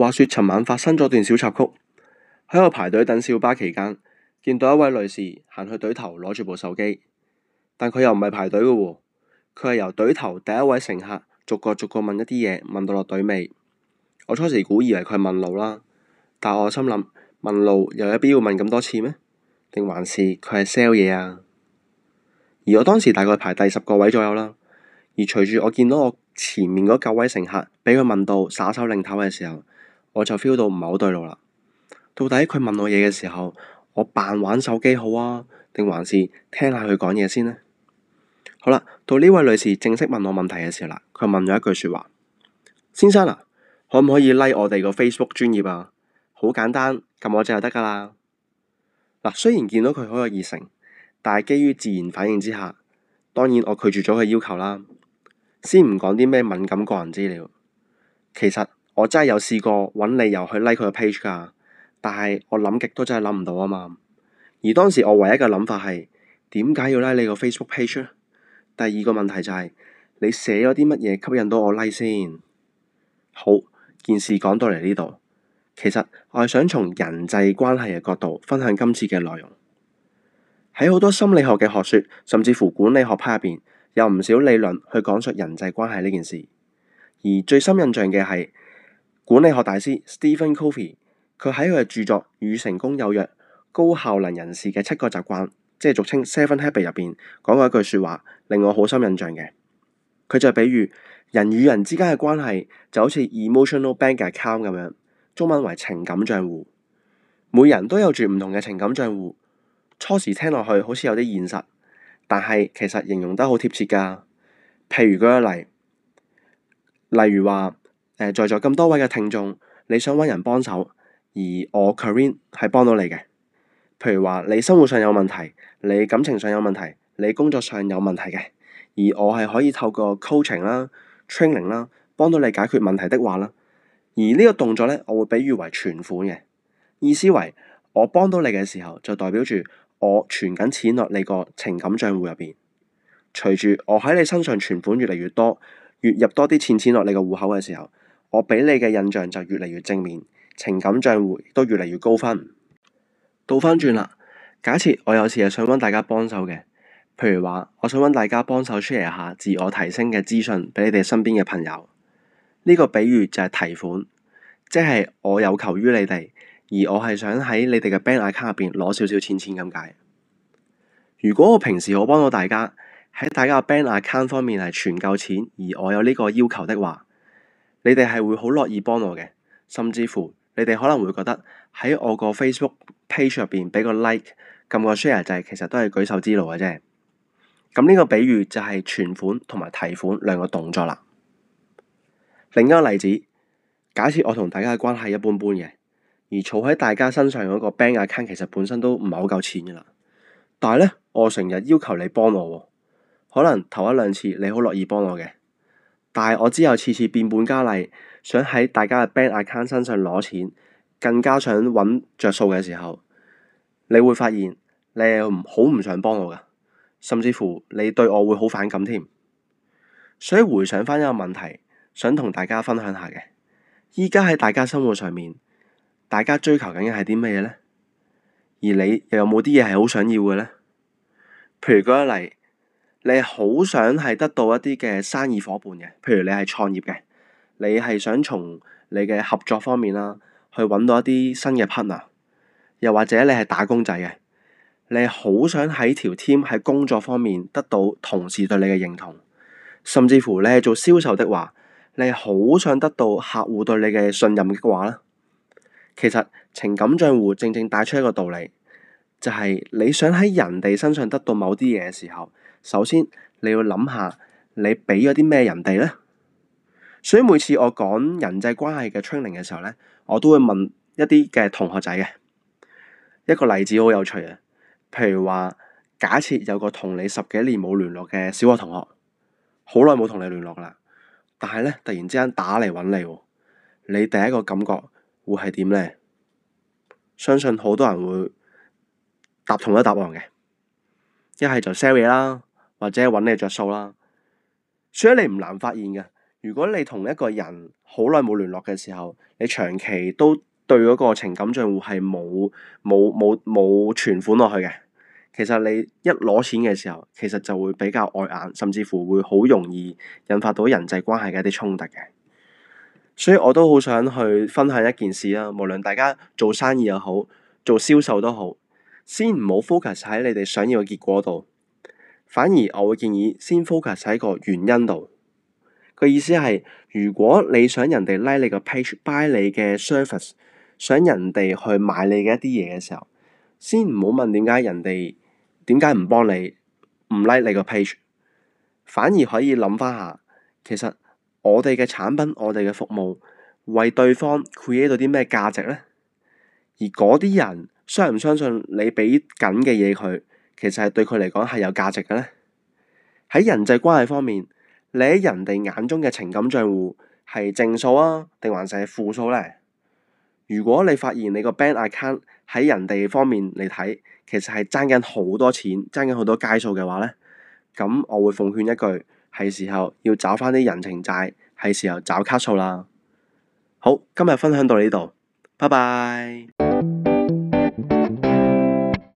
話說，尋晚發生咗段小插曲，喺我排隊等小巴期間，見到一位女士行去隊頭攞住部手機，但佢又唔係排隊嘅喎，佢係由隊頭第一位乘客逐個逐個問一啲嘢，問到落隊尾。我初時估以為佢問路啦，但我心諗問路又有必要問咁多次咩？定還是佢係 sell 嘢啊？而我當時大概排第十個位左右啦，而隨住我見到我前面嗰九位乘客俾佢問到耍手擰頭嘅時候。我就 feel 到唔係好對路啦。到底佢問我嘢嘅時候，我扮玩手機好啊，定還是聽下佢講嘢先呢？好啦，到呢位女士正式問我問題嘅時候啦，佢問咗一句說話：先生啊，可唔可以 l、like、我哋個 Facebook 專頁啊？好簡單，撳我就得噶啦。嗱，雖然見到佢好有熱誠，但係基於自然反應之下，當然我拒絕咗佢要求啦。先唔講啲咩敏感個人資料，其實。我真係有試過搵理由去 like 佢個 page 噶，但係我諗極都真係諗唔到啊嘛。而當時我唯一嘅諗法係點解要 like 你個 Facebook page 呢？第二個問題就係你寫咗啲乜嘢吸引到我 like 先？好，件事講到嚟呢度，其實我係想從人際關係嘅角度分享今次嘅內容。喺好多心理學嘅學說，甚至乎管理學派入邊，有唔少理論去講述人際關係呢件事。而最深印象嘅係。管理學大師 Stephen Covey 佢喺佢嘅著作《與成功有約：高效能人士嘅七個習慣》，即係俗稱 Seven Habits 入邊講過一句説話，令我好深印象嘅。佢就比喻人與人之間嘅關係就好似 emotional bank account 咁樣，中文為情感帳戶。每人都有住唔同嘅情感帳戶。初時聽落去好似有啲現實，但係其實形容得好貼切㗎。譬如舉個例，例如話。誒在座咁多位嘅聽眾，你想揾人幫手，而我 Karine 係幫到你嘅。譬如話你生活上有問題，你感情上有問題，你工作上有問題嘅，而我係可以透過 coaching 啦、training 啦，幫到你解決問題的話啦。而呢個動作呢，我會比喻為存款嘅，意思為我幫到你嘅時候，就代表住我存緊錢落你個情感帳戶入邊。隨住我喺你身上存款越嚟越多，越入多啲錢錢落你個戶口嘅時候，我俾你嘅印象就越嚟越正面，情感賬戶都越嚟越高分。倒翻轉啦，假設我有時係想揾大家幫手嘅，譬如話，我想揾大家幫手 share 下自我提升嘅資訊俾你哋身邊嘅朋友。呢個比喻就係提款，即係我有求於你哋，而我係想喺你哋嘅 bank account 入邊攞少少錢錢咁解。如果我平時好幫到大家喺大家嘅 bank account 方面係存夠錢，而我有呢個要求的話。你哋係會好樂意幫我嘅，甚至乎你哋可能會覺得喺我個 Facebook page 入邊俾個 like 個、撳個 share 就係其實都係舉手之勞嘅啫。咁、這、呢個比喻就係存款同埋提款兩個動作啦。另一個例子，假設我同大家嘅關係一般般嘅，而儲喺大家身上嗰個 bank account 其實本身都唔係好夠錢噶啦。但係呢，我成日要求你幫我，可能頭一兩次你好樂意幫我嘅。但係我之後次次變本加厲，想喺大家嘅 bank account 身上攞錢，更加想揾着數嘅時候，你會發現你係好唔想幫我噶，甚至乎你對我會好反感添。所以回想翻一個問題，想同大家分享下嘅，依家喺大家生活上面，大家追求緊嘅係啲咩嘢呢？而你又有冇啲嘢係好想要嘅呢？譬如嗰一例。你好想係得到一啲嘅生意伙伴嘅，譬如你係創業嘅，你係想從你嘅合作方面啦，去揾到一啲新嘅 partner，又或者你係打工仔嘅，你好想喺條 team 喺工作方面得到同事對你嘅認同，甚至乎你係做銷售的話，你好想得到客戶對你嘅信任嘅話呢，其實情感賬戶正正帶出一個道理，就係你想喺人哋身上得到某啲嘢嘅時候。首先你要諗下，你俾咗啲咩人哋呢？所以每次我講人際關係嘅 training 嘅時候呢，我都會問一啲嘅同學仔嘅一個例子好有趣嘅，譬如話假設有個同你十幾年冇聯絡嘅小學同學，好耐冇同你聯絡啦，但係呢突然之間打嚟揾你，你第一個感覺會係點呢？相信好多人會答同一答案嘅，一係就 sell 嘢啦。或者揾你着數啦，所以你唔難發現嘅。如果你同一個人好耐冇聯絡嘅時候，你長期都對嗰個情感帳戶係冇冇冇冇存款落去嘅。其實你一攞錢嘅時候，其實就會比較礙眼，甚至乎會好容易引發到人際關係嘅一啲衝突嘅。所以我都好想去分享一件事啊：無論大家做生意又好，做銷售都好，先唔好 focus 喺你哋想要嘅結果度。反而我會建議先 focus 喺個原因度。個意思係，如果你想人哋、like、拉你個 page、buy 你嘅 service、想人哋去買你嘅一啲嘢嘅時候，先唔好問點解人哋點解唔幫你唔拉、like、你個 page，反而可以諗翻下，其實我哋嘅產品、我哋嘅服務為對方 create 到啲咩價值呢？而嗰啲人相唔相信你俾緊嘅嘢佢？其實係對佢嚟講係有價值嘅呢。喺人際關係方面，你喺人哋眼中嘅情感帳戶係正數啊，定還是係負數呢？如果你發現你個 bank account 喺人哋方面嚟睇，其實係爭緊好多錢，爭緊好多街數嘅話呢，咁我會奉勸一句，係時候要找返啲人情債，係時候找卡數啦。好，今日分享到呢度，拜拜。